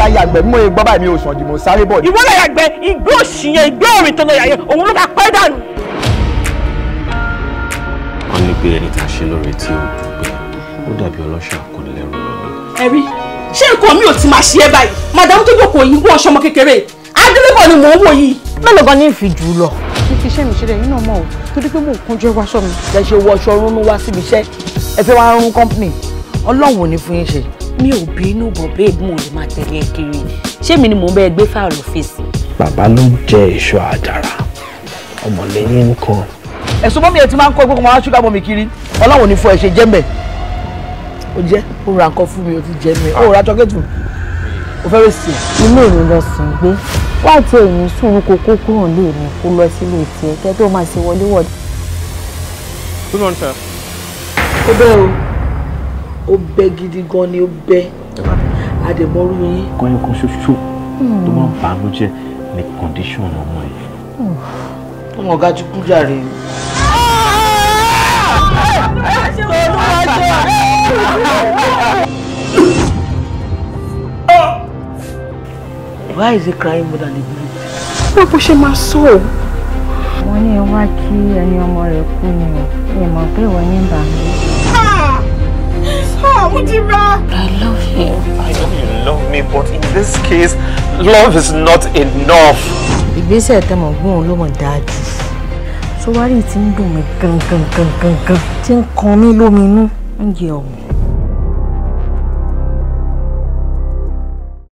la yàgbẹ́ mú egbọ́ báyìí mi ò sàn dìmọ̀ sáré bọ̀ ni. ìwọ la yàgbẹ́ ìgbé òsì yẹn ìgbé òrìn tó lọ yàgbẹ́ òun ló bá pẹ́ dànù. wọ́n ní pé ẹni tá a ṣe lóore tí ó gbẹ ó dàbí ọlọ́ṣà kò ní lẹ́rù lọ́wọ́. ẹ rí ṣé nǹkan mi ò ti máa ṣe é báyìí màdàmú tó jókòó yìí wọ ọṣọmọ kékeré adélébọ̀ ni mò ń wò yìí. mélòó gan ni ń fi jù ú lọ. ní fi iṣẹ́ mi ṣe rẹ̀ náà mọ̀ o torí pé mò ń kúnjọ wáṣọ mi. ẹ ṣe wọṣọ rúnú wá síbi iṣẹ́ ẹ fẹ́ wá rún kọ́ńpìnì ọlọ́run ò ní fún yín ṣe mi ò bínú bọ̀ babe mo lè máa tẹ̀lé kiri ṣé mi ni mò ń bẹ́ẹ̀ gbé fáà lọ́fíìsì. bàbá ló jẹ èso àjàrà ọmọlẹ́yìn kan. ẹ̀sùn mọ́mí ẹ̀ ti máa ń kọ́ ìgbókùn máa ṣúgà mọ́mí kiri ọlọ́run ní fún ẹ ṣe jẹ́ mbẹ́ o jẹ́ o ra nǹkan fún mi o ti jẹ́ mi o ra chocolate fún mi o fẹ́ rẹ̀ sí. ilé mi lọ sùn gbé láti ẹ̀yìn sùúrù kókó kúrò lé kó lọ sílé tiẹ̀ kẹ́ tó máa ṣe wọléwọ̀de. good morning sir. ó bẹ́ẹ̀ o ó bẹ́ gidi gan ni ó bẹ́ àdèmọ́rú yín. kan ṣoṣo hmm. tó máa ń bàánú jẹ́ ní condition ọmọ yìí. Hmm. ọmọ ọ̀gá ti kú jàre. Why is he crying more than he did? Wọ́n bó ṣe máa sọ ọ́. Wọ́n ní wá kí ẹni ọmọ rẹ̀ kú ni o, ìmọ̀ pé ìwọ ní bàánú. way but in this case love is not enough. ìgbésẹ̀ tẹmọ̀ gbọ́n ló mọ̀ dáa jù sọ wárì tí ń dùn mí gangan gangan tí ń kan mí lóminú ń jẹ ọ̀hún.